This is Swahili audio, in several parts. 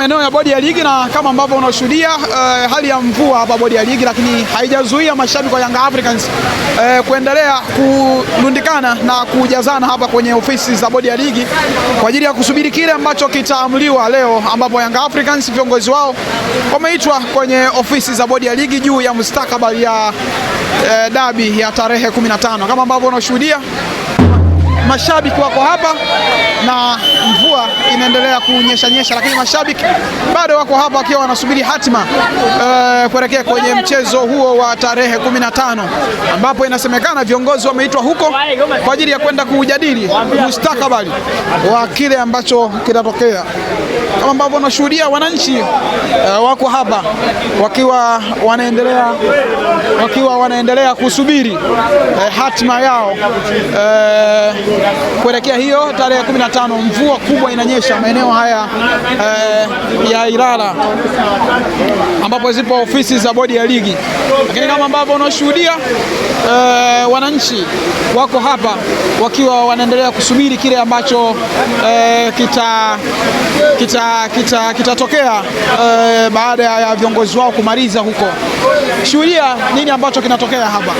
maeneo ya bodi ya ligi na kama ambavyo unashuhudia uh, eh, hali ya mvua hapa bodi ya ligi, lakini haijazuia mashabiki wa Young Africans uh, kuendelea kulundikana na kujazana hapa kwenye ofisi za bodi ya ligi kwa ajili ya kusubiri kile ambacho kitaamuliwa leo, ambapo Young Africans viongozi wao wameitwa kwenye ofisi za bodi ya ligi juu ya mustakabali ya uh, dabi ya tarehe 15 kama ambavyo unashuhudia mashabiki wako hapa na mvua inaendelea kunyeshanyesha, lakini mashabiki bado wako hapa wakiwa wanasubiri hatima uh, kuelekea kwenye mchezo huo wa tarehe 15 ambapo inasemekana viongozi wameitwa huko kwa ajili ya kwenda kujadili mustakabali wa kile ambacho kinatokea, kama ambavyo wanashuhudia wananchi uh, wako hapa wakiwa wanaendelea wakiwa wanaendelea kusubiri uh, hatima yao uh, kuelekea hiyo tarehe 15 mvua kubwa inanyesha maeneo haya eh, ya Ilala ambapo zipo ofisi za bodi ya ligi, lakini kama ambavyo unashuhudia eh, wananchi wako hapa wakiwa wanaendelea kusubiri kile ambacho eh, kita kitatokea kita, kita eh, baada ya viongozi wao kumaliza huko. Shuhudia nini ambacho kinatokea hapa.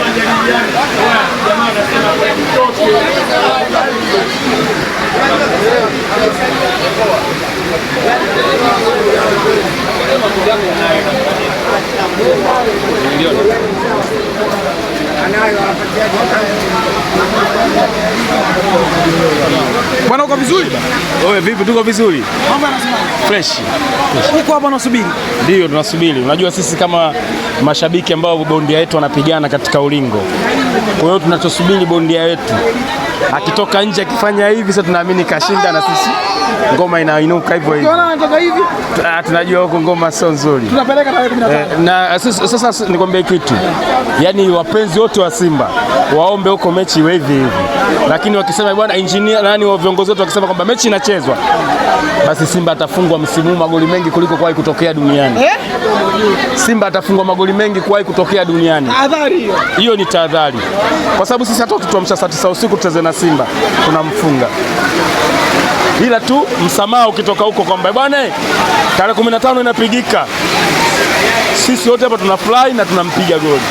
Bwana uko vizuri? Oye, vipi tuko vizuri? Mambo yanasema fresh. Uko hapa unasubiri? Ndio tunasubiri. Unajua sisi kama mashabiki ambao bondia yetu wanapigana katika ulingo, kwa hiyo tunachosubiri bondia yetu akitoka nje akifanya hivi, sasa tunaamini kashinda na sisi ngoma inainuka hivyo hivyo. Tunajua huko ngoma sio nzuri, tunapeleka tarehe 15. Na eh, sasa nikwambie kitu, yaani wapenzi wote wa Simba waombe huko mechi iwe hivi hivi, lakini wakisema bwana engineer nani wa viongozi wetu wakisema kwamba mechi inachezwa, basi Simba atafungwa msimu magoli mengi kuliko kuwahi kutokea duniani. Eh? Simba atafungwa magoli mengi kuwahi kutokea duniani. Tahadhari hiyo, hiyo ni tahadhari, kwa sababu sisi hata tutamsha saa 9 usiku tucheze na Simba tunamfunga, ila tu msamaha ukitoka huko kwamba eh, bwana, tarehe kumi na tano inapigika, sisi wote hapa tunafurahi na tunampiga goli.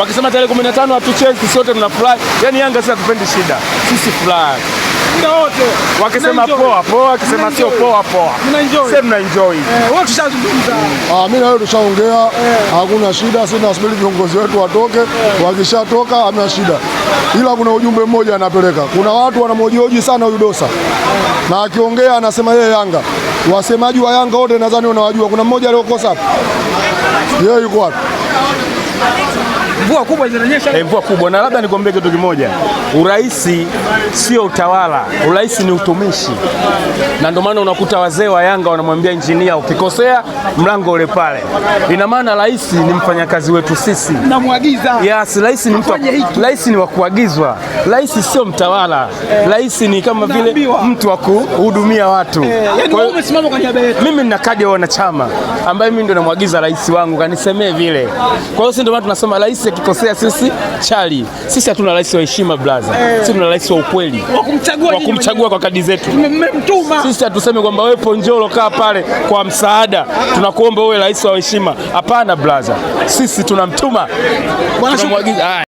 Wakisema tarehe kumi na tano hatuchezi, sisi wote tunafurahi. Yani Yanga sisi hatupendi shida, sisi furahi muda wote wakisema poa poa, akisema sio poa poa, mna enjoy. Eh, wote tushazungumza, ah, mimi na wewe tushaongea, eh. hakuna shida. Sisi tunasubiri viongozi wetu watoke, eh. wakishatoka hamna shida, ila kuna ujumbe mmoja anapeleka. Kuna watu wanamhojihoji sana huyu Dosa, na akiongea anasema yeye Yanga. Wasemaji wa Yanga wote nadhani unawajua. Kuna mmoja aliokosa hapo, yeye yuko wapi? mvua kubwa zinanyesha. Eh, mvua kubwa. Na labda nikwambie kitu kimoja, urais sio utawala, urais ni utumishi, na ndio maana unakuta wazee wa Yanga wanamwambia injinia, ukikosea mlango ule pale. Ina maana rais ni mfanyakazi wetu sisi, namuagiza. Yes, rais ni mtu, rais ni wa kuagizwa. Rais sio mtawala, rais ni kama vile mtu wa kuhudumia watu. E, yani umesimama kwa niaba yetu. Mimi nina kadi ya wanachama ambaye mimi ndio namwagiza rais wangu kanisemee vile. Kwa hiyo si ndio maana tunasema rais rais sisi chali. Sisi hatuna rais wa heshima blaza, eh. sisi tuna rais wa ukweli wa kumchagua kwa kadi zetu. Sisi hatusemi kwamba wewe Ponjolo kaa pale kwa msaada, tunakuomba uwe rais wa heshima. Hapana blaza, sisi tunamtuma,